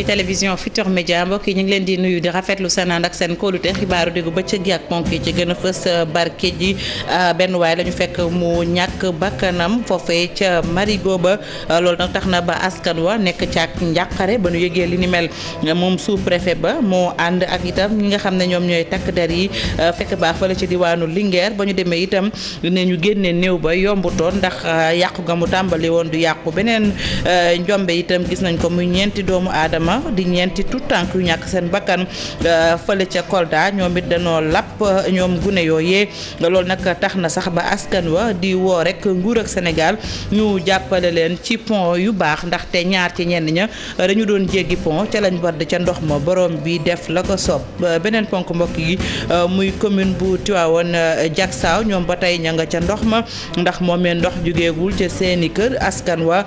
ci télévision Futur Média mbokk yi ñu ngi leen di nuyu di rafetlu seen ànd ak seen kóolute xibaaru diggu bëccëg gi ak ponk yi ci gën a fës euh, barke ji euh, benn waay la fekk mu ñàkk bakkanam foofee ca Marigo ba euh, loolu nag tax na ba askan wa nekk ca ak njàqare ba nu yëgee li ni mel moom sous-préfet ba moo ànd ak itam ñi nga xam ne ñoom ñooy takk der yi fekk baax fa la ci diwaanu Linguère ba ñu demee itam ne ñu génne néew ba yombutoon ndax yàqu ga mu tàmbali woon du yàqu beneen njombe itam gis nañ ko muy ñeenti doomu aadama Adama di ñeenti tout tànk yu ñàkk seen bakkan euh, fële ca Kolda ñoom it danoo lapp ñoom gune yooyee loolu nag tax na sax ba askan wa di woo rek nguur ak Sénégal ñu jàppale leen ci pont yu baax ndaxte ñaar ci ñenn ña dañu doon jéggi pont ca lañ wadd ca ndox ma boroom bi def la ko soob beneen ponk mbokk yi euh, muy commune bu Tivaouane euh, Diacksao ñoom ba tey ña nga ca ndox ma ndax moomee ndox jugeegul ca seeni kër askan wa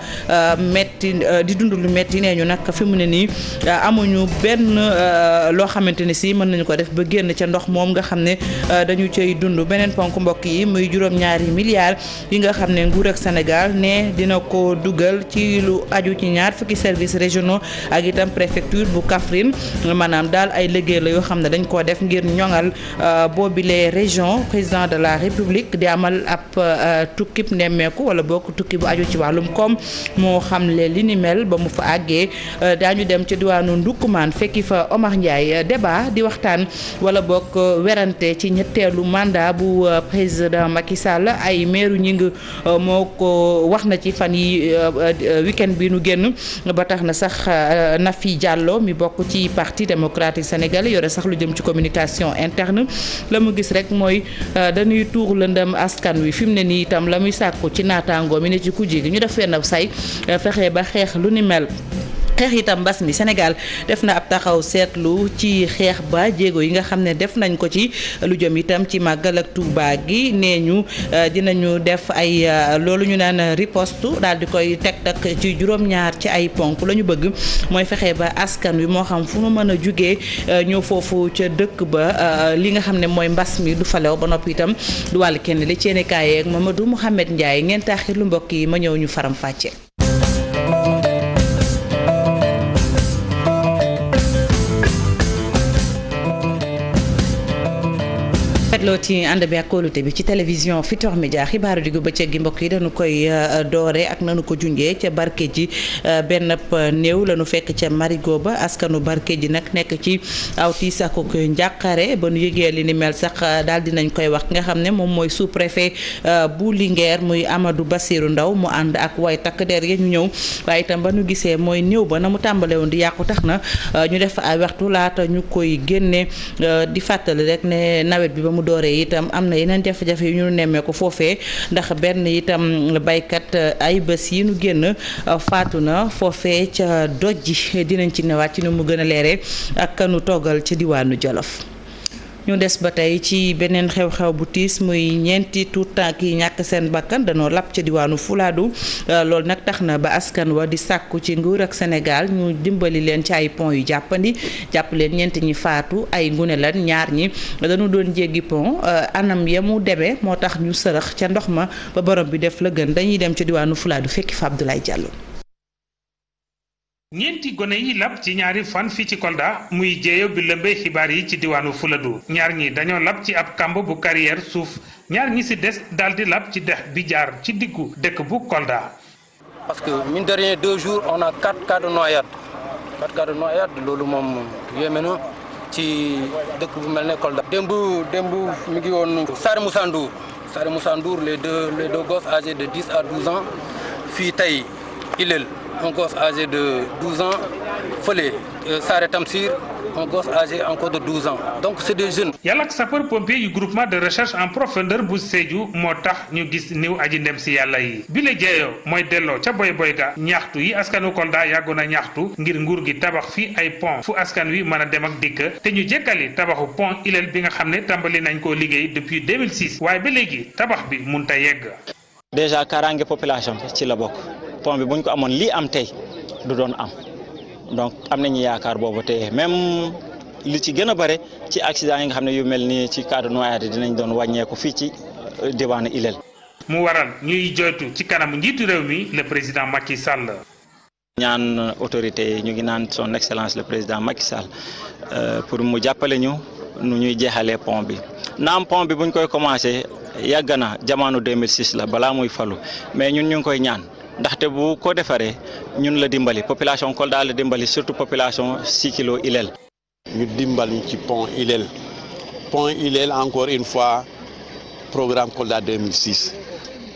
metti di dund lu metti nee ñu nag fi mu ne nii Euh, amuñu benn euh, loo xamante ne si mën nañu ko def ba génn ca ndox moom nga xam ne euh, dañu cay dund beneen ponk mbokk yi muy juróom-ñaari milliards yi nga xam ne nguur ak Sénégal ne dina ko dugal ci lu aju ci ñaar fukki service régionaux ak itam préfecture bu Kaffrine maanaam daal ay liggéey la yoo xam ne dañ koo def ngir ñoŋal boobilee région président de la république di amal ab tukkib nemmeeku wala bokk tukki bu aju ci wàllum koom moo xam li ni mel ba mu dem ci diwaanu maan fekki fa Omar Ndiaye euh, débat di waxtaan wala bokk euh, werante ci ñetteelu mandat bu euh, président Macky Sall ay meeru ñi moo ko wax na ci fan yi week-end bi nu génn ba tax na sax na fi Diallo mi bokk ci parti démocratique sénégalais yore sax lu jëm ci communication interne la mu gis rek mooy dañuy tuur lëndëm askan wi fi mu ne nii itam la muy sàkku ci naataangoo mi ne ci kujje gi ñu def fenn say fexe ba xeex lu ni mel xeex itam mbas mi Sénégal def na ab taxaw seetlu ci xeex ba jéego yi nga xam ne def nañ ko ci lu jëm itam ci màggal ak Touba gi nee ñu euh, dinañu def ay euh, loolu ñu naan riposte daal di koy teg tak ci juróom-ñaar ci ay ponk la ñu bëgg mooy fexe ba askan wi moo xam fu mu mën a jugee euh, ñëw foofu ca dëkk ba li nga xam ne mooy mbas mi du falew ba noppi itam du kenn li ceenekaay ma Mamadou Mouhamed Ndiaye ngeen taaxir lu mbokk yi ma ñëw ñu faram fàcce rafetloo ci ànd bi ak kóolute bi ci télévision Futurs Médias xibaaru diggu bëccëg gi mbokk yi dañu koy euh, doore ak nanu ko junjee ca barke ji euh, benn néew la nu fekk ca marigo ba askanu barke ji nag nekk ci aw tiis ak njàqare ba nu yëgee li ni mel sax euh, daal dinañ koy wax nga xam ne moom mooy sous préfet bu Linguère muy Amadou Bassirou Ndaw mu ànd ak way takk der ya ñu ñëw waaye itam ba nu gisee mooy néew ba na mu tàmbale woon di yàqu tax na ñu def ay waxtu laata ñu koy génne di fàttali rek ne nawet bi ba mu dooree itam am na yeneen jafe-jafe yu ñu nemmeeku foofee ndax benn itam baykat euh, ay bés yi nu génn euh, faatu na foofee ca doj ji dinañ ci ne wàcc nu mu gën a leere ak nu toggal ca diwaanu Jolof ñu des ba tey ci beneen xew-xew bu tiis muy ñeenti tuut tànk yi ñàkk seen bakkan danoo lap ca diwaanu Fulaadu euh, loolu nag tax na ba askan wa di sàkku ci nguur ak Sénégal ñu dimbali leen ci ay pont yu jàppandi jàpp leen ñeenti ñi faatu ay ngune lan ñaar ñi dañu doon jéggi pon euh, anam ya mu demee moo tax ñu sërëx ca ndox ma ba borom bi def la gën dañuy dem ca diwaanu Fulaadu fekki fa Abdoulaye Diallo ñeenti gone yi lab ci ñaari fan fii ci Kolda muy jéeyo bi lëmbee xibaar yi ci diwaanu Fuladu ñaar ñi dañoo lab ci ab kàmb bu carrière suuf ñaar ñi si des daal di lab ci dex bi jaar ci diggu dëkk bu Kolda. parce que mine de rien deux on a quatre cas de noyade loolu moom yéeme na ci dëkk bu mel ne Kolda. démb démb mi ngi woon. Sare Moussa Ndour Sare Moussa Ndour les deux les deux de dix à ans fii tey Ilel. un gosse âgé de 12 ans fële euh, Saare Tamsir un gosse âgé encore de 12 donc c'est des jeunes. yàlla ak sapeur pompier yu groupement de recherche en profondeur bu Sédhiou moo tax ñu gis néew aji ndem si yàlla yi bi la jeeyoo mooy delloo ca boy boy ga ñaxtu yi askanu Kolda yàggoon a ñaxtu ngir nguur gi tabax fii ay pont fu askan wi mën a dem ak dikk te ñu jëkkali tabaxu pont Ilel bi nga xam ne tàmbali nañ koo liggéey depuis 2006 waaye ba léegi tabax bi mun a yegg. déjà kaaraange population ci la bokk. pont bi buñ ko amoon lii am tey du doon am donc am nañu yaakaar boobu tey même li ci gën a bare ci accident yi nga xam ne yu mel nii ci cadre noyade dinañ doon wàññeeku fii ci euh, diwaanu Ilel. mu waral ñuy joytu ci kanam njiitu réew mi le président Macky Sall. ñaan autorité ñu ngi naan son excellence le président Macky Sall euh, pour mu jàppale ñu nu ñuy jeexalee pont bi naam pont bi buñ koy commencé yàgg na jamono 2006 la balaa muy falu mais ñun ñu ngi koy ñaan. ndaxte bu ko defaree ñun la dimbali population Kolda la dimbali surtout population kilo Ilel. ñu dimbal ñu ci pont Ilel pont Ilel encore une fois programme Kolda 2006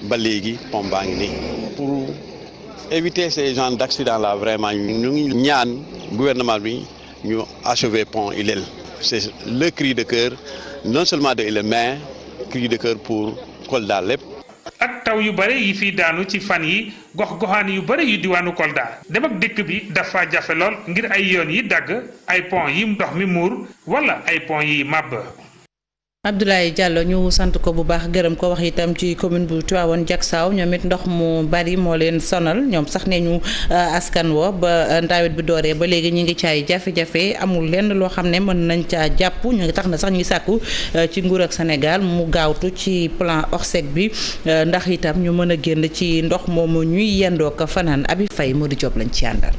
ba léegi pont baa ngi nii pour éviter ces genres d' accident là vraiment ñu ñaan gouvernement bi ñu achever pont Ilel c' le cri de cœur non seulement de Ilel mais cri de cœur pour Kolda lépp. ak taw yu bare yi fiy daanu ci fan yi gox goxaan yu bare yu diwaanu Kolda dem ak dikk bi dafa jafe lool ngir ay yoon yi dagg ay pont yi ndox mi muur wala ay pont yi màbb Abdoulaye Diallo ñu sant ko bu baax gërëm ko wax itam ci commune bu Tivaouane Diacksao ñoom it ndox mu bari moo leen sonal ñoom sax ne ñu euh, askan wa ba euh, ndaawit bi dooree ba léegi ñu ngi caay jafe-jafe amul lenn loo xam ne mën nañ caa jàpp ñu ngi tax na sax ñuy sàkku euh, ci nguur ak Sénégal mu gaawtu ci plan ORSEC bi ndax itam ñu mën a génn ci ndox moomu ñuy yendoo ko fanaan Abi fay Modou Diop lañ ci àndal.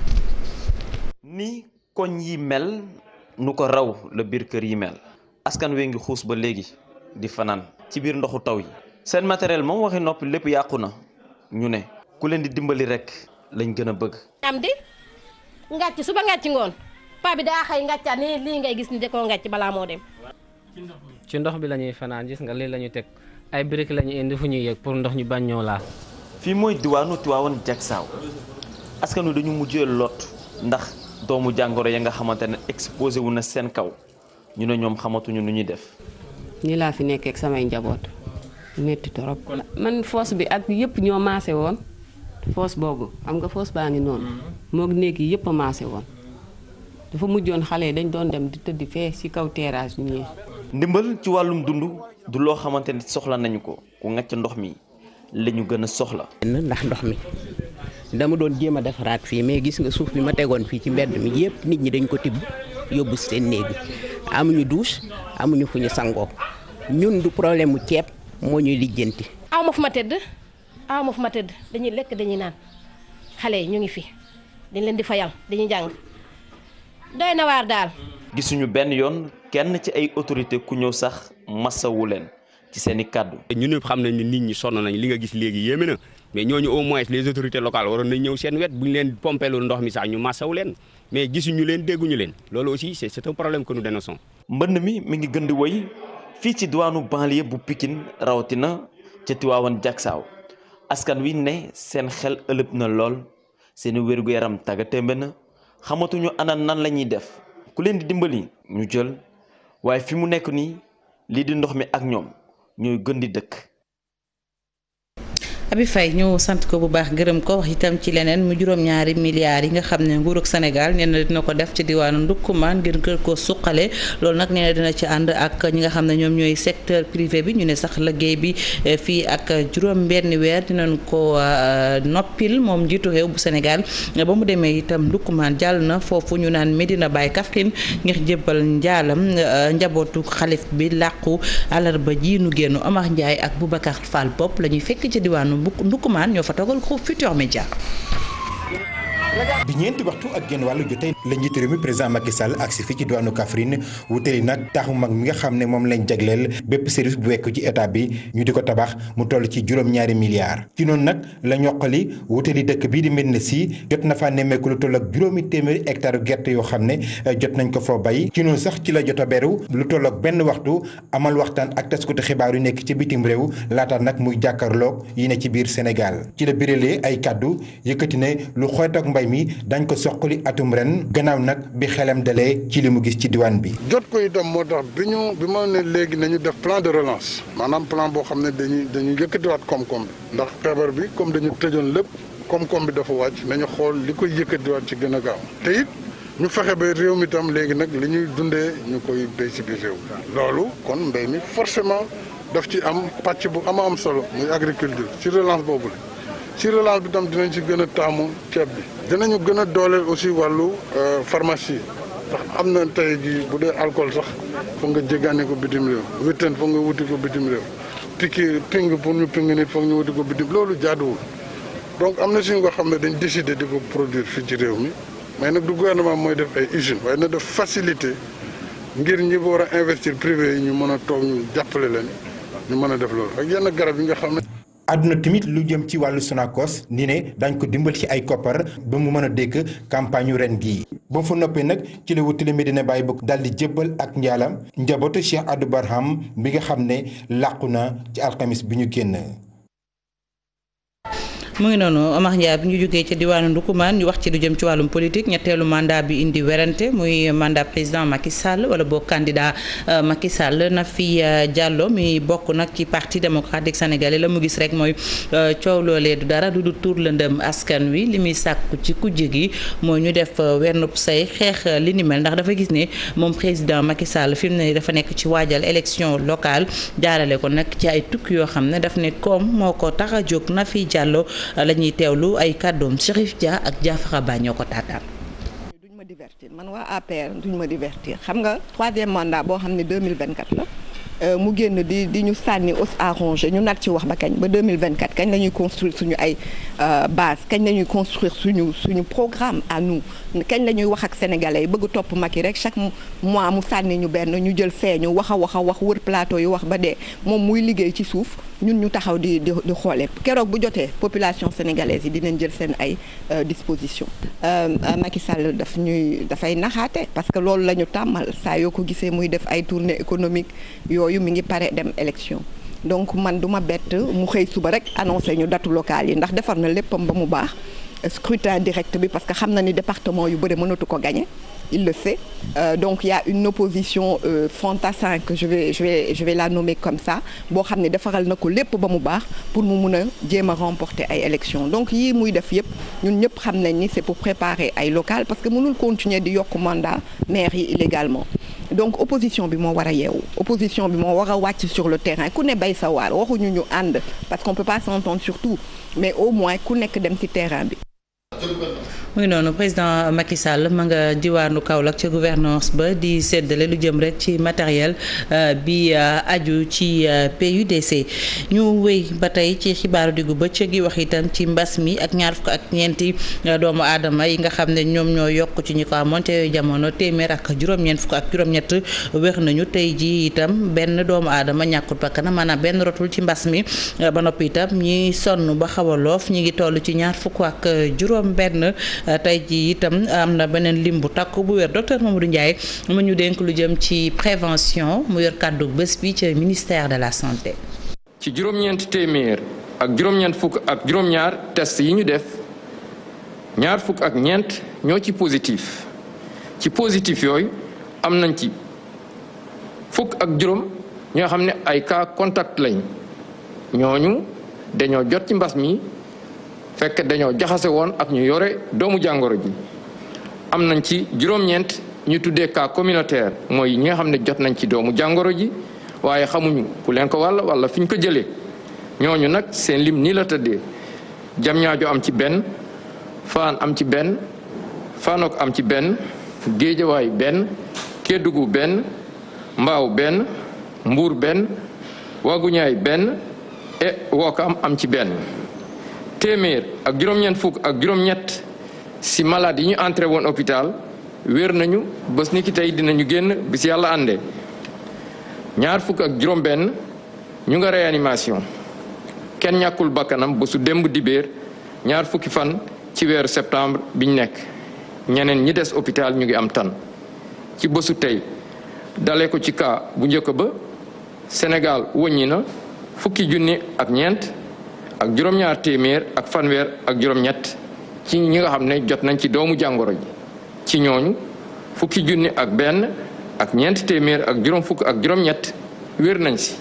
ni koñ yi mel nu ko raw la biir kër yi mel. askan wee ngi xuus ba léegi di fanaan ci biir ndoxu taw yi seen matériel moom waxi noppi lépp yàqu na ñu ne ku leen di dimbali rek lañ gën a bëgg am di ngàcc suba ngàcc ngoon pa bi daa xëy ngàccaat ni lii ngay gis ni da koo ngàcc balaa moo dem ci ndox bi lañuy fanaan gis nga lii la teg ay briques la ñu indi fu ñu yëg pour ndox ñu bañ ñoo laal fii mooy diwaanu Tiwaawan Jaksaaw askan wi dañu mujjee lot ndax doomu jàngoro ya nga xamante ne exposé wu na seen kaw ñu ne ñoom xamatuñu nu ñuy def. ñi laa fi nekkee samay njaboot métti torop man foos bi ak yëpp ñoo maase woon foos boobu xam nga foos baa ngi noonu. Mm-hmm. moog néeg yi yëpp a maase woon. dafa mujjoon xale yi dañ doon dem di tëdd fee ci kaw terrasse ñu ndimbal ci wàllum dund du loo xamante ni soxla nañu ko ku ngacc ndox mi lañu gën a soxla. ndax ndox mi dama doon jéem a defaraat fii mais gis nga suuf bi ma tegoon fii ci mbedd mi yëpp nit ñi dañ ko tibb yóbbu seen néeg yi amuñu douche amuñu fu ñu sangoo ñun du problème mu ceeb moo ñuy lijjanti. aw ma fu ma tëdd aw ma fu dañuy lekk dañuy naan xale yi ñu ngi fi dañ leen di fayal dañuy jàng doy na waar daal. gisuñu benn yoon kenn ci ay autorité ku ñëw sax masawu leen ci seen i kàddu. ñun ñëpp xam nañ ni nit ñi sonn nañ li nga gis léegi yéeme na mais ñooñu au moins les autorités locales waroon nañ ñëw seen wet bu ñu leen pompelul ndox mi sax ñu masawu leen. mais gisuñu leen dégguñu leen loolu aussi c' est un problème que nous dénonçons. mbënn mi mu ngi gën di woy fii ci diwaanu banlieue bu Pikine rawatina ca Tiwaawan Jaksaaw askan wi ne seen xel ëlëb na lool seeni wér-gu-yaram tàggatémbe na xamatuñu ana nan la ñuy def ku leen di dimbali ñu jël waaye fi mu nekk nii lii di ndox mi ak ñoom ñooy gën di dëkk. Abi fay ñëw sant ko bu baax gërëm ko wax itam ci leneen mu juróom-ñaari milliards yi nga xam ne nguurug Sénégal nee na dina ko def ci diwaanu Ndoukouma ngir gër koo suqale loolu nag nee dina ci ànd ak ñi nga xam ne ñoom ñooy secteur privé bi ñu ne sax liggéey bi eh, fii ak juróom benn weer dinañ ko eh, noppil moom njiitu réew bu Sénégal ba mu demee itam Ndoukouma jàll na foofu ñu naan Medina Baye Kaffrine ngir jébbal njaalam eh, njabootu xalif bi làqu àllarba ji nu génn Omar Ndiaye ak Boubacar Fall Bopp la ñuy fekk ci diwaanu Ndoukoumane ñoo fa toogal groupe Futur Média bi ñeenti waxtu ak genn wàllu jotee la njiit réew président Macky Sall agsi fii ci diwaanu Kaffrine wutali nag taaxu mi nga xam ne moom lañ jagleel bépp service bu wekk ci état bi ñu di ko tabax mu toll ci juróom-ñaari milliards. ci noonu nag la ñoqali wutali dëkk bii di Médina Sy jot na faa nemmeeku lu toll ak juróomi téeméeri hectare gerte yoo xam ne jot nañ ko foo bay ci noonu sax ci la jot a beru lu toll ak benn waxtu amal waxtaan ak taskatu xibaar yu nekk ci bitim réew laata nag muy jàkkaarloog yi ci biir Sénégal mbay mi dañ ko soqali atum ren gannaaw nag bi xelam dalee ci li mu gis ci diwaan bi. jot ko itam moo tax bi ñu bi ma ne léegi nañu def plan de relance maanaam plan boo xam ne dañuy dañuy yëkkatiwaat koom-koom bi ndax feebar bi comme dañu tëjoon lépp koom-koom bi dafa wàcc nañu xool li koy yëkkatiwaat ci gën a gaaw te ñu fexe ba réew mi tam léegi nag li ñuy dundee ñu koy béy si biir réew loolu kon mbéy mi forcément daf ci am pàcc bu am am solo muy agriculture ci ci relance bi tam dinañ ci gën a taamu ceeb bi dinañu gën a dooleel aussi wàllu euh, pharmacie ndax am na tey jii bu dee alcool sax foog nga jéggaane ko bitim réew witteen foog nga wuti ko bitim réew tikki ping pour ñu ping nit foog ñu wuti ko bitim loolu jaaduwul donc am na suñu nga xam ne dañ décider di ko produire fii ci réew mi mais nag du gouvernement mooy def ay usine waaye na def facilité ngir ñi war a investir privé yi ñu mën a toog ñu jàppale leen ñu mën a def ak yenn garab yi nga xam ne àdduna tamit lu jëm ci wàllu Sonacos ni ne daañ ko dimbal ci ay koppar ba mu mën a dékk campagne ren gii ba fa noppee nag ci la wutale dina Baye bu daal di jébbal ak njaalam njabootu Cheikh Adou Barham bi nga xam ne làqu na ci alxamis bi ñu génn mu ngi noonu Omar Ndiaye bi ñu jógee ca diwaanu Ndoukoumane ñu wax ci lu jëm ci wàllum politique ñetteelu mandat bi indi werante muy mandat président Macky Sall wala boo candidat euh, Macky Sall Nafi euh, Diallo mi bokk nag ci parti démocratique sénégalais la mu gis rek mooy euh, coow loolee du dara du du tuur lëndëm askan wi li muy sàkku ci kujje gi mooy ñu def wernub say xeex li ni mel ndax dafa gis ne moom président Macky Sall fi mu ne dafa nekk ci waajal élection locale jaarale ko nag ci ay tukki yoo xam ne daf ne koom moo ko tax a jóg na Nafi Diallo. la ñuy teewlu ay kàddoom Chérif Dia ak Diafara Ba ñoo ko taataan. ma divertir man waa APR duñ ma divertir xam nga troisième mandat boo xam ne 2024 la euh, mu génn di di ñu sànni os à ronger ñu nat ci wax ba kañ ba 2024 kañ la ñuy suñu ay euh, base kañ la ñuy construire suñu suñu programme à nous kañ la ñuy wax ak sénégalais yi bëgg topp mag yi rek chaque mois mu sànni ñu benn ñu jël feeñu wax a wax a wax wër plateau yi wax ba dee moom muy liggéey ci suuf ñun ñu taxaw di di di xoolee keroog bu jotee population sénégalaise yi dinañ jël seen ay euh, disposition i euh, euh, Sall daf ñuy dafay naxaate parce que loolu la ñu tàmmal saa yoo ko gisee muy def ay tournée économique yooyu mi ngi pare dem élection donc man du ma bett mu xëy suba rek annoncé ñu datu locale yi ndax defar na léppam ba mu baax scrutin direct bi parce que xam na ni département yu bëri mënatu ko gagner il le sait euh, donc il y a une opposition euh, fantassin que je vais je vais la nommer comme ça boo xam ne defaral na ko lépp ba mu baax pour mu mun a jéem a remporter ay élections donc yii muy def yëpp ñun ñëpp xam nañ ni c'est pour préparer ay locales parce que mënul continuer di yokk mandat maire yi illégalement donc opposition bi moo war a yeewu opposition bi moo war a wàcc sur le terrain ku ne bay sa waar waxuñu ñu ànd parce qu'on peut pas surtout mais au moins ku nekk dem ci terrain bi jël ko benn mu ngi noonu président Macky Sall ma nga diwaanu Kaolack ca gouvernance ba di séddale lu jëm rek ci matériel euh, bi euh, aju ci euh, PUDC ñu wéy ba tey ci xibaaru diggu bëccëg yi wax itam ci mbas mi ak ñaar fukk ak ñeenti doomu aadama yi nga xam ne ñoom ñoo yokk ci ñu ko amoon te jamono téeméer ak juróom-ñeent fukk ak juróom-ñett wér nañu tey ji itam benn doomu aadama ñàkkut bakkanam maanaam benn rotul ci mbas mi ba noppi itam ñi sonn ba xaw loof ñi ngi toll ci ñaar fukk ak juróom Euh, tey ji itam euh, am na beneen lim bu takku bu weer wér docteur Mamadou Ndiaye ma ñu dénk lu jëm ci prévention mu yor kàddu bés bi ci ministère de la santé. ci juróom-ñeent téeméer ak juróom-ñeent fukk ak juróom test yi ñu def ñaar fukk ak ñeent ñoo ci positif ci positif yooyu am nañ ci fukk ak juróom ñoo xam ne ay cas contact lañ ñooñu dañoo jot ci mbas mi. fekk dañoo jaxase woon ak ñu yore doomu jàngoro ji am nañ ci juróom-ñeent ñu tuddee cas communautaire mooy ñi nga xam ne jot nañ ci doomu jàngoro ji waaye xamuñu ku leen ko wàll wala fi ñu ko jëlee ñooñu nag seen lim nii la tëddee Jamñaajo am ci benn Fann am ci benn Fanok am ci benn Géejawaay benn Kédougou benn Mbaaw benn Mbuur benn Waguñaay benn e Wokam am ci benn téeméer ak juróom ak juróom-ñett si malade yi ñu entré woon hôpital wér nañu bés ni ki tey dinañu génn bi si yàlla àndee ñaar fukk ak juróom-benn ñu nga réanimation kenn ñàkkul bakkanam bésu démb dibéer ñaar fukki fan ci weeru septembre biñ nekk ñeneen ñi des hôpital ñu ngi am tan ci bésu tey dale ko ci cas bu njëkk ba senegal wëññi na fukki junni ak ñeent ak juróom-ñaar téeméer ak fanweer ak juróom-ñett ci ñi nga xam ne jot nañ ci doomu jàngoro ji ci ñooñu fukki junni ak benn ak ñeent téeméer ak juróom fukk ak juróom-ñett wér nañ si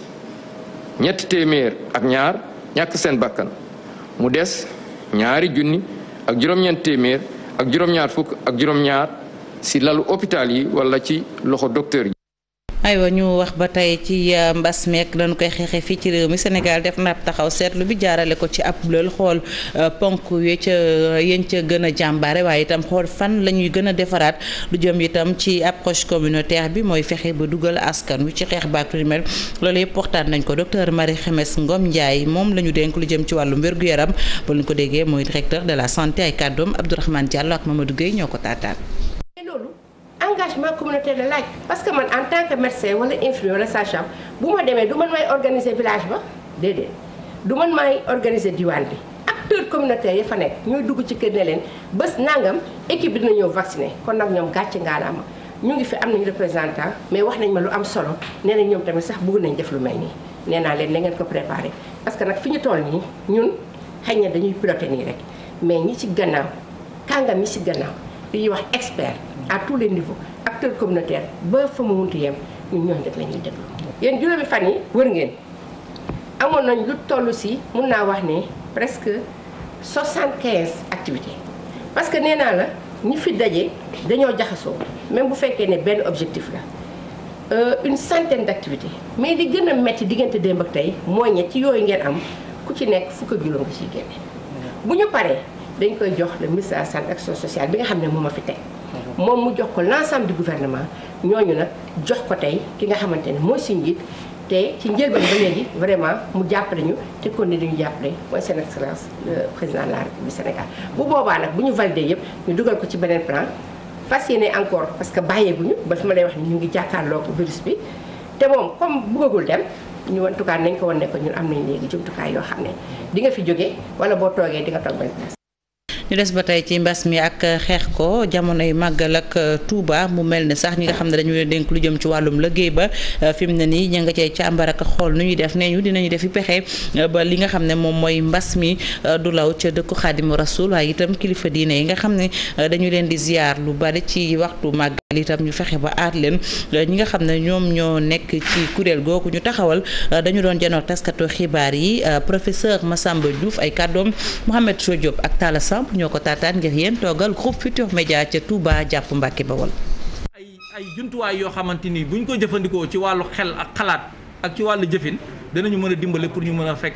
ñett téeméer ak ñaar ñàkk seen bakkan mu des ñaari junni ak juróom-ñeent téeméer ak juróom-ñaar fukk ak juróom-ñaar si lalu hôpital yi wala ci loxo docteur yi aywa ñu wax ba tey ci euh, mbas meek dañu koy xeexee fii ci réew mi Sénégal def naa taxaw seetlu bi jaarale ko ci ab lël xool euh, ponk yee ca yéen ca gën a jàmbaare waaye itam xool fan la ñuy gën a defaraat lu jëm itam ci approche communautaire bi mooy fexe ba dugal askan wi ci xeex baak lu mel loolu yëpp waxtaan nañ ko docteur Marie Xemes Ngom Ndiaye moom lañu ñu lu jëm ci wàllum wér yaram ba ñu ko déggee mooy directeur de la santé ay kàddoom Abdourahmane Diallo ak Mamadou Gueye ñoo ko taataan engagement communautaire la laaj parce que man en tant que médecin wala infirmier wala bu ma demee du man may organiser village ba déedéet du man may organiser diwaan bi acteurs communautaires ya fa nekk ñooy dugg ci kër ne leen bés nangam équipe bi dina ñëw vacciné kon nag ñoom gàcce ngaalaama ñu ngi fi am nañu représentant mais wax nañ ma lu am solo nee nañ ñoom tamit sax bëgg nañ def lu mel nii nee naa leen na ngeen ko préparé parce que nag fi ñu toll nii ñun xëy na dañuy piloté nii rek mais ñi ci gannaaw kàngam ñi ci gannaaw dañuy wax expert à tous les niveaux acteurs communautaires ba fa ma munti yem ñun ñooñu rek la ñuy déglu. yéen juróomi fan yi wër ngeen amoon nañ lu toll si mun naa wax ni presque 75 activité parce que nee naa la ñi fi daje dañoo jaxasoo même bu fekkee ne benn objectif la. Euh, une centaine d'activités mais di gën a metti diggante démb ak tey mooy ñe ci yooyu ngeen am ku ci nekk fukk ak juróom nga génne bu ñu paree dañ koy jox le ministre de la santé action sociale bi nga xam ne moo ma fi teg moom mu jox ko l'ensemble du gouvernement ñooñu nag jox ko tey ki nga xamante ni mooy suñu njiit te ci njëlbeen ba léegi vraiment mu jàppale ñu te kon ni ñu jàppale mooy seen excellence président la Sénégal bu boobaa nag bu ñu validé yëpp ñu dugal ko ci beneen plan fas yéene encore parce que bàyyeeguñu ba fi ma lay wax ni ñu ngi jàkkaarloo virus bi te moom comme bëggagul dem ñu en tout cas nañ ko woon ne ñu ñun am nañ léegi jumtukaay yoo xam ne di nga fi jógee wala boo toogee di nga toog ñu des ba tey ci mbas mi ak xeex ko jamonoy màggal ak euh, Touba mu mel ne sax ñi nga xam ne dañu leen dénk lu jëm ci wàllum liggéey ba euh, fi mu ne nii ña nga cay càmbar ak xool nu ñuy def nee ñu dinañu def i pexe euh, ba li nga xam ne moom mooy mbas mi du law ca dëkku Xaadimu Rasuul waaye itam kilifa diine yi nga xam ne dañu leen di ziar lu bari ci waxtu màggal itam ñu fexe ba aat leen ñi nga xam ne ñoom ñoo nekk ci kuréel googu ñu taxawal dañu doon janoor taskatu xibaar yi professeur Massamba Diouf ay kàddoom Mouhamed Sodiop ak Talla Samb ñoo ko taataan ngir yéen toogal groupe Futur Média ca Touba jàpp mbàkki Bawol ay ay jumtuwaay yoo xamante ni buñ ko jëfandikoo ci wàllu xel ak xalaat ak ci wàllu jëfin danañu mën a dimbale pour ñu mën a fekk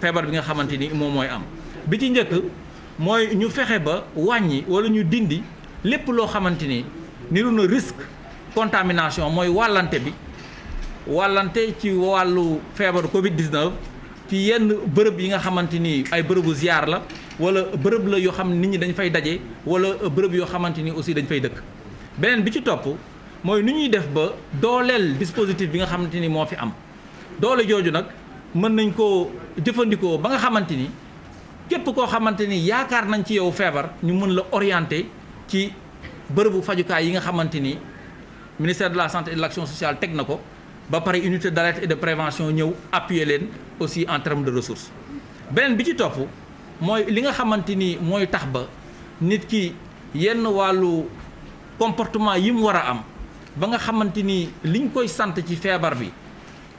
feebar bi nga xamante ni moom mooy am bi ci njëkk mooy ñu fexe ba wàññi wala ñu dindi lépp loo xamante ni niru na risque contamination mooy wàllante bi wàllante ci wàllu feebaru Covid 19 ci yenn bërëb yi nga xamante ni ay bërëbu ziar la. wala bërëb la yoo xam nit ñi dañ fay daje wala bërëb yoo xamante ni aussi dañ fay dëkk beneen bi ci topp mooy nu ñuy def ba dooleel dispositif bi nga xamante ni moo fi am doole jooju nag mën nañ koo jëfandikoo ba nga xamante ni képp koo xamante ni yaakaar nañ ci yow feebar ñu mën la orienter ci bërëbu fajukaay yi nga xamante ni ministère de la santé de l'action sociale teg na ko ba pare unité d'alerte et de prévention ñëw appuyer leen aussi en termes de ressources beneen bi ci topp mooy li nga xamante ni mooy tax ba nit ki yenn wàllu comportement yi mu war a am ba nga xamante ni liñ koy sant ci feebar bi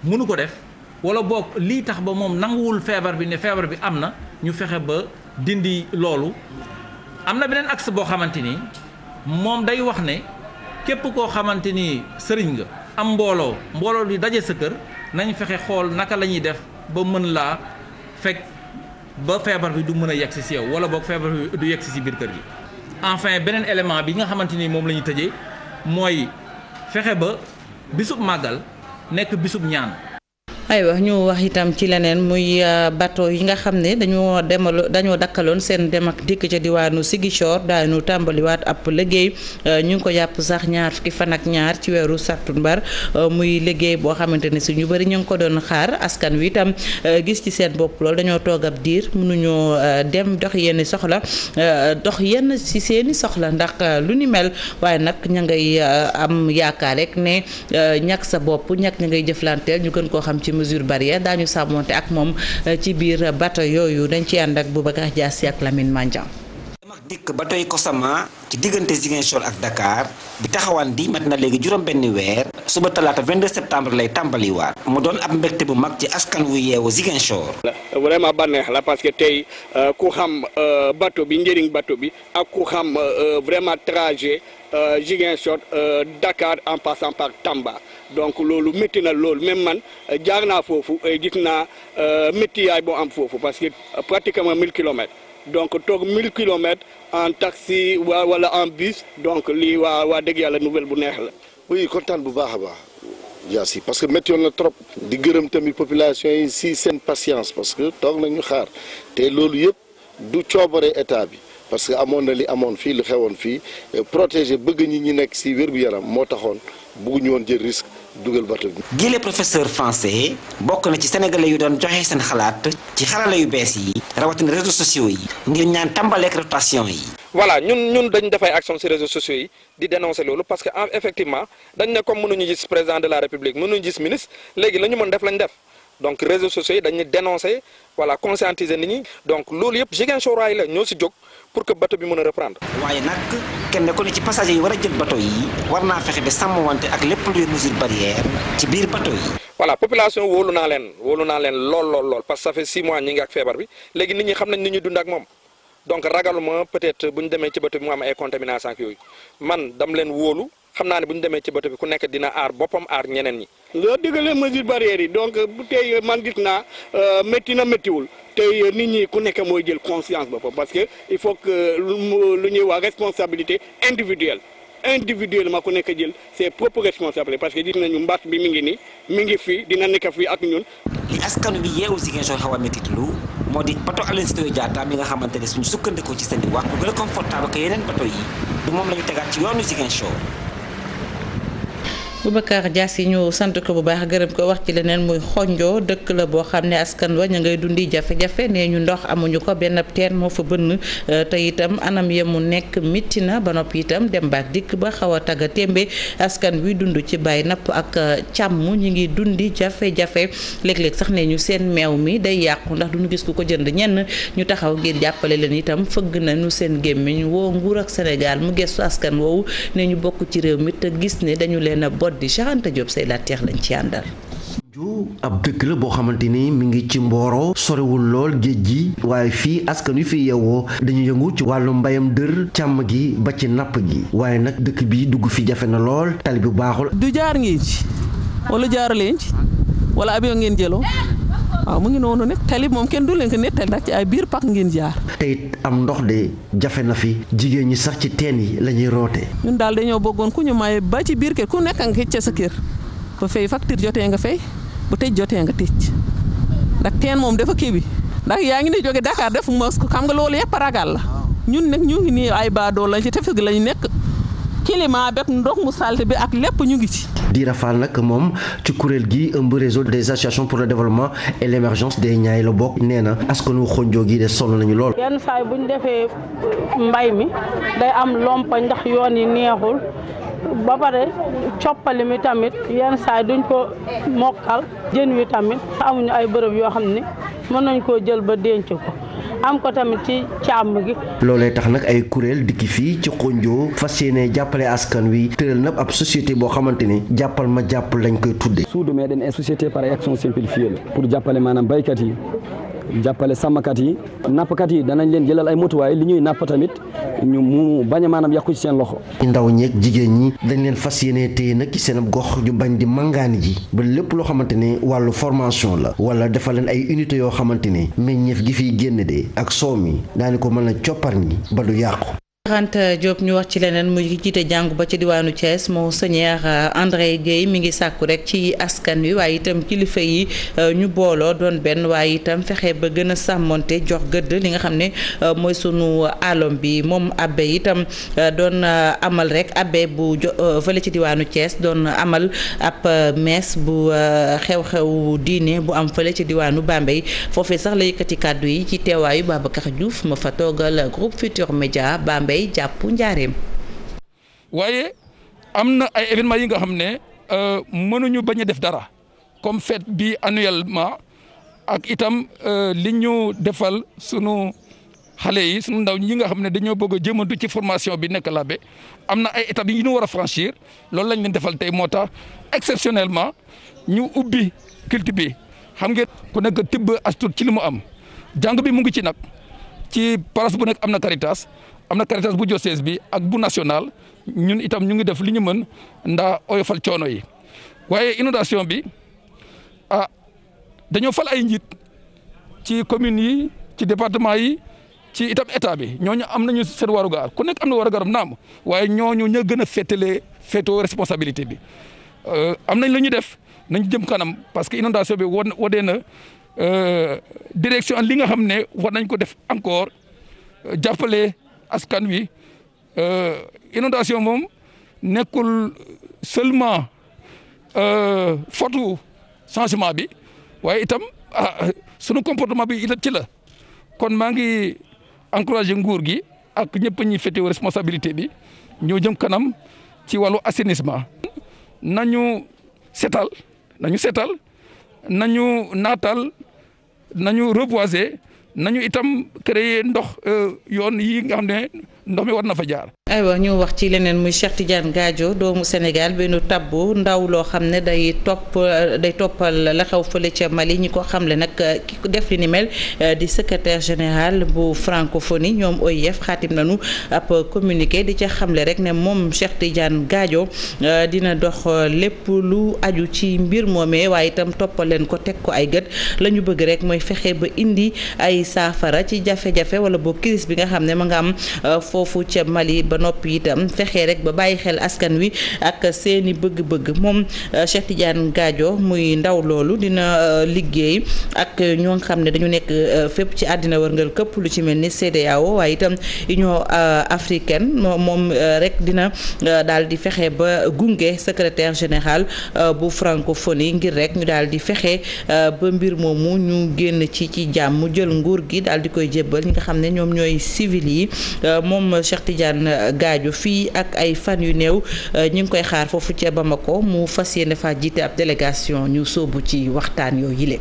mënu ko def wala boog lii tax ba moom nanguwul feebar bi ne feebar bi am na ñu fexe ba dindi loolu am na beneen axe boo xamante ni moom day wax ne képp koo xamante ni sëriñ nga am mbooloo mbooloo di daje sa kër nañ fexe xool naka la ñuy def ba mën laa fekk ba feebar bi du mën a yegg si si yow wala boo feebar bi du yegg si si biir kër gi. enfin beneen élément bi nga xamante ni moom la ñu mooy fexe ba bisub màggal nekk bisub ñaan. aywa ñu wax itam ci leneen muy euh, bateau yi nga xam ne dañoo demalo dañoo dakkaloon seen dem ak dikk ca diwaanu Ziguinchor daanu tàmbaliwaat ab liggéey euh, ñu ngi ko yàpp sax ñaar fukki fan ak ñaar ci weeru sàttumbar euh, muy liggéey boo xamante ne si ñu bëri ñu ngi ko doon xaar askan wi itam gis ci seen bopp loolu dañoo toog ab diir mënuñoo dem dox yenn soxla dox yenn ci seeni soxla ndax lu ni mel waaye nag ña ngay am yaakaar rek ne ñàkk sa bopp ñàkk ña ngay jëflanteel ñu gën koo xam ci mesures barrières daañu sàmmonte ak moom euh, ci biir bato yooyu dañ ci ànd ak Boubacar Diassi ak Lamine Mandiang dikk ba tey Kosama ci diggante Ziguinchor ak Dakar bi taxawaan di mat na léegi juróom benn weer suba talaata 22 septembre lay tàmbaliwaat mu doon ab mbégte bu mag ci askan wu yeewu Ziguinchor. vraiment bànneex la parce que tey euh, ku xam euh, bato bi njëriñ bateau bi ak ku xam vraiment trajet Ziguinchor Dakar en passant par Tamba. donc loolu métti na loolu même man euh, jaar naa foofu gis naa euh, métti yaay boo am foofu parce que euh, pratiquement 1000 kilomètres donc toog 1000 kilomètres en taxi waa wala en bus donc li waa waa dëgg yàlla nouvelle bu neex la. oui kontaan bu baax a baax. si parce que méttiwoon na trop di gërëm tamit population yi si seen patience parce que toog nañu xaar te loolu yëpp du coobare état bi parce que amoon na li amoon fii lu xewoon fii protéger bëgg ñi ñi nekk si wér-gu-yaram moo taxoon bëgguñu woon jël dugal bato bi. gile professeur français bokk na ci sénégalais yu doon joxe seen xalaat ci xarala yu bees yi. rawatina réseaux sociaux yi. ngir ñaan tàmbaleeg rotation yi. voilà ñun ñun dañ def ay action ci réseaux sociaux yi di dénoncer loolu parce que effectivement dañ ne comme mënuñu gis président de la république mënuñu gis ministre léegi la ñu mën def lañ def. donc réseaux sociaux yi dañuy dénoncer voilà conscientiser nit ñi donc loolu yëpp Ziguinchor waay la ñoo si jóg pour que bateau bi mën a reprendre. waaye nag kenn ku ne ci passager yi war a jël bateau yi war naa fexe ba sàmmwante ak lépp luy mesure barrière ci biir bateau yi. voilà population wóolu naa leen wóolu naa leen lool lool lool parce que ça six mois ñi ngi ak feebar bi léegi nit ñi xam nañ ni ñuy dund ak moom donc ragaluma peut-être bu ñu demee ci bateau bi mu am ay contamination ak yooyu man dam leen woolu xam naa ne bu ñu demee ci bato bi ku nekk dina aar boppam aar ñeneen ñi. nga digale mesure barrière yi donc tey man gis naa euh, métti na méttiwul tey nit ñi ku nekk mooy jël conscience boppam parce que il faut que lu ñuy wax responsabilité individuelle. individuellement ku nekk jël ses propres responsabilités parce que gis nañu mbaat bi mi ngi nii mi ngi fii dina nekk fii ak ñun. li askan wi yeewu Ziguinchor xaw a métit lu moo di bato Aline Sitoé Diatta xamante ne suñu sukkandikoo i wax bu a confortable que Boubacar Dias yi ñu sant ko bu baax gërëm ko wax ci leneen muy xonjoo dëkk la boo xam ne askan wa ñu ngay dundi jafe-jafe nee ñu ndox amuñu ko benn teen moo fa bënn euh, te itam anam yemu nekk mitti na ba noppi itam dem baak dikk ba xaw a tagga témbe askan wi dund ci bàyyi napp ak euh, càmm ñu ngi dundi jafe-jafe léeg-léeg sax ñu seen meew mi day yàqu ndax duñu gis ku ko jënd ñenn ñu taxaw ngir jàppale leen itam fëgg na ñu seen gémmiñ woo nguur ak Sénégal mu gestu askan woowu ne ñu bokk ci réew mi te gis ne dañu leen code di Cheikh Anta Diop teex lañ ci àndal. ju ab dëkk la boo xamante ni mi ngi ci mbooroo sorewul lool géej gi waaye fii askan wi fi yeewoo dañu yëngu ci wàllu mbayam dër càmm gi ba ci napp gi waaye nag dëkk bi dugg fi jafe na lool tali bu baaxul. du jaar ngeen ci wala jaaru leen ci wala avion ngeen jëloo waaw mu ngi noonu nag tali moom kenn du leen ko nettali ndax ci ay biir pak ngeen jaar. te am ndox de jafe na fi jigéen ñi sax ci teen yi la ñuy roote. ñun daal dañoo bëggoon ku ñu maye ba ci biir kër ku nekk nga ca sa kër ba fay facture jotee nga fay bu tëj jotee nga tëj ndax teen moom dafa kii bi ndax yaa ngi ne jóge Dakar def mos xam nga loolu yëpp ragal la ñun nag ñu ngi nii ay baadoo lañ ci tefes gi lañu nekk. climat beeg ndox mu salte bi ak lépp ñu ngi ci. Dira Fall nag moom ci kuréel gi ëmb réseau des associations pour le développement et l' émergence des Niayes la bokk nee na askanu xonjoo gi de sonn nañu lool. yenn saa yi defee mbay mi day am lompa ndax yoon yi neexul ba pare coppali mi tamit yenn saa yi duñ ko mokkal jën wi tamit amuñu ay bërëb yoo xam ne mën nañ koo jël ba denc ko. am ko tamit ci càmm gi. loolee tax nag ay kuréel dikki fii ci xonjoo fas yéene jàppale askan wi tëral nag ab société boo xamante ni jàppal ma jàpp lañ koy tudde. suudu meeɗen e société par action simplifiée la pour jàppale maanaam baykat yi. jàppale sàmmkat yi nappkat yi danañ leen jëlal ay motuwaay li ñuy napp tamit ñu mu bañ a maanaam yàqu ci seen loxo. ndaw ñeeg jigéen ñi dañ leen fas yéene téye nag ci seen gox ju bañ di màngaani ji ba lépp loo xamante ne wàllu formation la wala defal leen ay unité yoo xamante ne meññeef gi fiy génn de ak soow mi daani ko mën a coppar ñi ba du yàqu. Anta Diop ñu wax ci leneen mu jiite jàngu ba ci diwaanu Thiès moo sëñeer euh, André Guèye mi ngi sàkku rek ci askan wi waaye itam kilifa yi euh, ñu booloo doon benn waaye itam fexe ba gën a sàmmonte jox gëdd li nga xam ne euh, mooy sunu alom bi moom abbé itam doon amal rek abbé bu jo fële ci diwaanu Thiès doon amal ab mees bu xew-xew diine bu am fële ci diwaanu Bambey foofu sax la yëkkati kàddu yi ci teewaayu Babacar Diouf ma fa toogal groupe Futur Média Bambey Mbay jàpp njaareem. waaye am na ay événements yi nga xam ne euh, mënuñu bañ a def dara comme fête bi annuellement ak itam euh, li ñu defal sunu xale yi sunu ndaw ñi nga xam ne dañoo bëgg a jëmantu ci formation bi nekk be am na ay étapes yi ñu war a franchir loolu lañ leen defal tey moo tax exceptionnellement ñu ubbi culte bi xam ngeen ku nekk tibb astut ci li mu am jàng bi mu ngi ci nag ci place bu nekk am na Caritas am na Caritas bu diocèse bi ak bu national ñun itam ñu ngi def li ñu mën ndaa oyofal coono yi waaye inondation bi ah dañoo fal ay njiit ci communes yi ci département yi ci itam état bi ñooñu am nañu seen warugar ku nekk am na warugaram naam waaye ñooñu ñoo gën a féetale féetoo responsabilité bi euh, am nañ la ñu def nañ jëm kanam parce que inondation bi wan wadee na euh, direction li nga xam ne war nañ ko def encore euh, jàppale. askan wi euh, inondation moom nekkul seulement euh, foto changement bi waaye itam ah sunu comportement bi itam ci la kon maa ngi encouragé nguur gi ak ñëpp ñi féetewoo responsabilité bi ñoo jëm kanam ci wàllu assainissement. nañu setal nañu setal nañu naatal nañu reboiser. nañu itam créer ndox euh, yoon yi nga xam ne ndox mi war na fa jaar. aywa ñu wax ci leneen muy Cheikh Tidiane Gadio doomu Sénégal benn tabbu ndaw loo xam ne day topp day toppal la xew fële ca Mali ñi ko xamle nag ki def li ni mel eh, di secretaire général bu francophonie ñoom OIF xaatim nañu ab communiqué di ca xamle rek ne moom Cheikh gaajo Gadio eh, dina dox lépp lu aju ci mbir moomee waaye itam toppal leen ko teg ko ay gët la ñu bëgg rek mooy fexe ba indi ay saafara ci jafe-jafe wala boo crise bi nga xam ne foofu ca Mali ba noppi itam fexe rek ba bàyyi xel askan wi ak seeni bëgg-bëgg moom euh, Cheikh Tidiane gaajo muy ndaw loolu dina euh, liggéey ak ñoo xam ne dañu nekk euh, fépp ci àddina wërngal këpp lu ci mel ni CEDEAO waaye itam Union africaine moom rek dina daal di fexe ba gunge secretaire général bu francophonie ngir rek ñu daal di fexe ba mbir moomu ñu génn ci ci jàmm jël nguur gi daal di koy jébbal ñi nga xam ne ñoom ñooy civil yi moom moom Cheikh Tidiane euh, gaaju fii ak ay fan yu néew euh, ñu ngi koy xaar foofu ca Bamako mu fas yéene faa jiite ab délégation ñu soobu ci waxtaan yooyu yile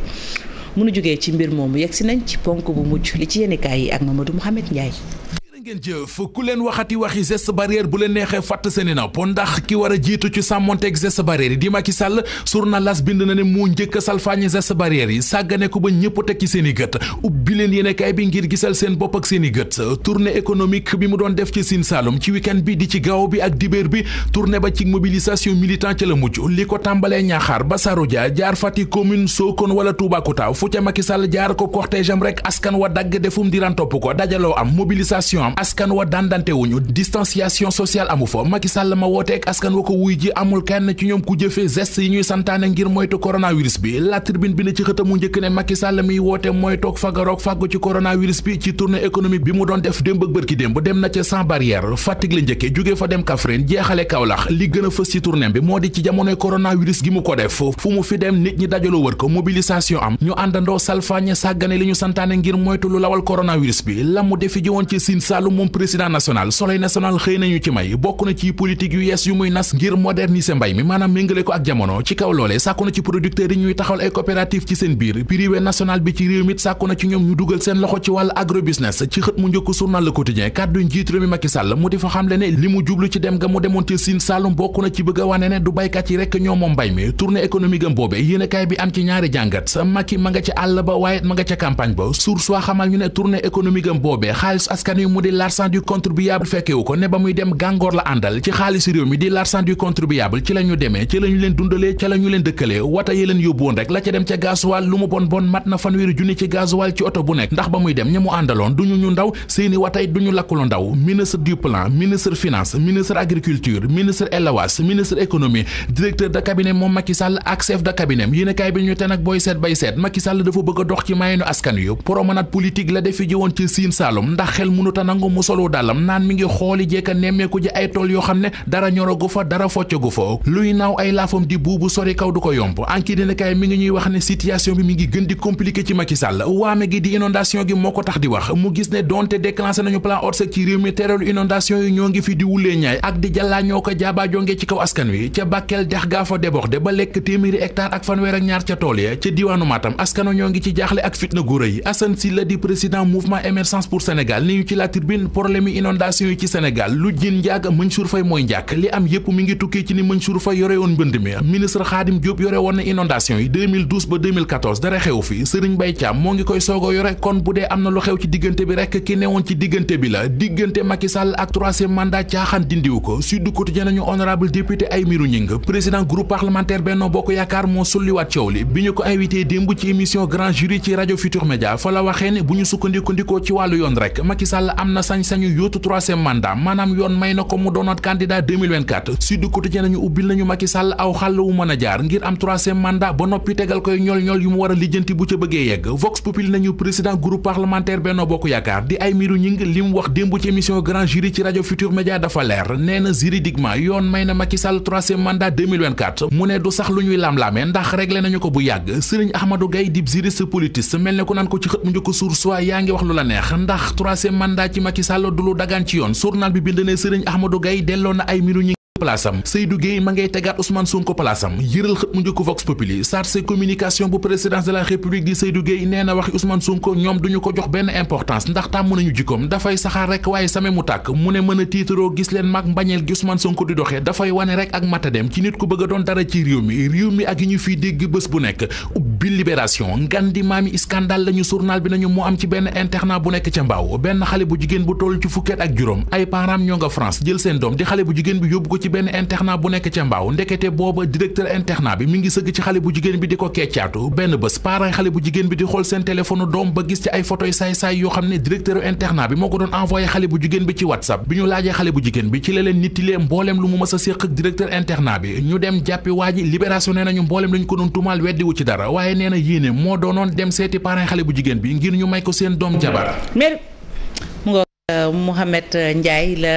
munu jógee ci mbir moomu yegg si nañ ci ponk bu mujj li ci yenekaay yi ak Mamadou Mouhamed Ndiaye ngeen jëf ku leen waxati waxi geste barrière bu leen neexee fàtt seeni nopp ndax ki war a jiitu ci sàmmonteeg geste barrière yi di Macky Sall journal L'As bind na ne moo njëkk a salfaañi geste barrière yi sàggane ko ba ñëpp teg ci seen i gët ubbi leen bi ngir gisal seen bopp ak seen i gët tournée économique bi mu doon def ci Sine Saloum ci week-end bi di ci gaaw bi ak dibéer bi tournée ba ci mobilisation militant ca la mujj li ko tàmbalee Ñaaxaar ba Saroudia jaar Fatick commune Sokone wala Toubacouta fu ca Macky Sall jaar ko cortège am rek askan wa dagg defum diran topp ko dajaloo am mobilisation am askan wa dandante wuñu distanciation sociale amu fa Macky Sall ma woote ak askan wa ko wuy ji amul kenn ci ñoom ku jëfee geste yi ñuy santaane ngir moytu coronavirus bi la tribune bi ne ci njëkk ne Macky Sall miy woote mooy toog fagaroog fàggu ci coronavirus bi ci tournée économique bi mu doon def démb ak bërki démb dem na ca sans barrière Fatick la njëkke jógee fa dem Kaffrine jeexale Kaolack li gën a fës ci tournée bi moo di ci jamonoy coronavirus gi mu ko def fu mu fi dem nit ñi dajaloo wër ko mobilisation am ñu àndandoo salfaañe sàggane li ñu santaane ngir moytu lu lawal coronavirus bi la defi ji woon ci Sine Saloum wàllu moom président national xëy nañu ci may bokk na ci politique yu yees yu muy nas ngir moderniser mbay mi maanaam méngale ko ak jamono ci kaw loole sàkku na ci producteurs yi ñuy taxawal ay coopérative ci seen biir privé national bi ci réew mi sàkku na ci ñoom ñu dugal seen loxo ci wàllu agrobusiness ci xët mu njëkk journal Le Quotidien kàddu njiit réew mi Macky Sall mu di fa xamle ne li mu jublu ci dem ga mu demoon ci Sine Saloum bokk na ci bëgg a di l'argent du contribuable fekkewu ko ne ba muy dem gàngoor la àndal ci xaalisu réew mi di l'argent du contribuable ci la ñu demee ci la ñu leen dundalee ci la leen dëkkalee wata yi leen yóbbuwoon rek la ca dem ca gasoil lu mu bon bon mat na fanweeri junni ci gasoil ci oto bu nekk ndax ba muy dem ñi àndaloon du ñu ñu ndaw seeni watay du ñu lakkulu ndaw ministre du plan ministre finance ministre agriculture ministre élevage ministre économie directeur a dox ci mayenu askan sangu mu solu dàllam naan mi ngi xooli nañu plan Orsec ci réew mi tereelu inondation yi ñoo ngi fi di wulee ñaay ak di jàllaa ko jaabaa jonge ci kaw askan wi ca Bakel dex gaa fa débordé ba lekk téeméeri hectare ak fanweer ak ñaar ca tool ya ca diwaanu Matam askano ñoo ngi ci jaaxle ak fitna gu rëy Assane Sylla di président mouvement émergence pour Sénégal ni ñu ci laatir bind problème yi inondation yi ci Sénégal lu jin njaag Mansour Faye mooy njàkk li am yépp mi ngi tukkee ci ni Mansour Faye yore woon mbënd mi ministre Khadim Diop yore woon na inondation yi ba dara xew fi Serigne Mbaye Thiam moo ngi koy soog yore kon bu dee am na lu xew ci diggante bi rekk ki newoon ci diggante bi la diggante Macky Sall ak troisième mandat caaxaan dindiwu ko Sud Quotidien nañu honorable député Aymérou Gningue président groupe parlementaire Benno Bokk Yaakaar moo sulliwaat coow li bi ñu ko invité démb ci émission Grand Jury ci na yoon may na ko mu doonaat candidat 2024 Sud Quotidien nañu ubbil nañu Macky Sall aw xàll wu mën jaar ngir am troisième ba noppi tegal koy ñool-ñool yu mu war lijjanti bu ca bëggee yegg Vox Populi nañu président groupe parlementaire Benno Bokk Yaakaar di Aymérou Gningue li mu wax démb ci émission Grand Jury ci rajo Futur Média dafa leer nee na juridiquement yoon may na Macky Sall troisième mu ne du sax lu ñuy lam-laame ndax réglé nañu ko bu yàgg Serigne Ahmadou Macky Sall du lu dagaan ci yoon journal bi bind ne Serigne Ahmadou Gaye delloo na ay mbiru palaasam Seydou Gueye ma ngay tegaat Ousmane Sonko palaasam yëral xët mu njëkk Vox Populi chargé communication bu présidence de la République di Seydou Gueye nee na waxi Ousmane Sonko ñoom duñu ko jox benn importance ndax tàmm nañu jikkoom dafay saxaar rek waaye same mu tàkk mu ne mën a tiitaroo gis leen mag mbañeel gi Ousmane Sonko di doxee dafay wane rek ak matadem ci nit ku bëgg doon dara ci réew mi réew mi ak yi ñu fiy dégg bés bu nekk ubbi libération ngan di maami scandale lañu journal bi nañu moo am ci benn internat bu nekk ca mbaaw bu jigéen bu toll ci fukket ak juróom ay parents ñoo nga France jël seen doom di ci benn internat bu nekk ca mbaaw ndekete booba directeur internat bi mi ngi sëgg ci xale bu jigéen bi di ko keccaatu benn bés parent xale bu jigéen bi di xool seen téléphone doom ba gis ci ay photos saay-saay yoo xam ne directeur internat bi moo ko doon envoyé xale bu jigéen bi ci whatsapp bi ñu laajee xale bu jigéen bi ci la leen nittilee mbooleem lu mu mës a séq ak directeur internat bi ñu dem jàppi waa ji libération nee nañu mbooleem lañu ko doon tuumaal weddiwu ci moo doonoon dem seeti parent xale bu jigéen bi ngir may ko seen Euh, Mouhamed Ndiaye la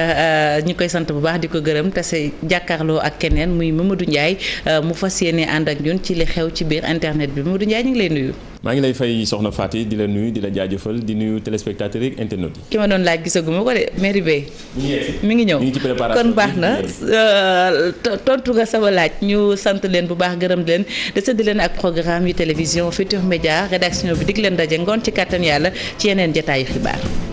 euh, ñu koy sant bu baax di ko gërëm tase jàkkaarloo ak keneen muy Mamadou Ndiaye euh, mu fas yéene ànd ak ñun ci li xew ci biir internet bi Mamadou Ndiaye ñu ngi lay nuyu. maa ngi lay fay soxna Faty di la nuyu di la jaajëfal di nuyu téléspectateurs yi internet yi. ki ma doon laaj gisagu ma ko de Mary Bey mi ngi ñëw mi ngi ci préparation kon baax na tontu nga sama laaj ñu sant leen bu baax gërëm leen desandi leen ak programme yu télévision Futur Média rédaction bi dig leen daje ngoon ci kattan yàlla ci yeneen jotaayu xibaar.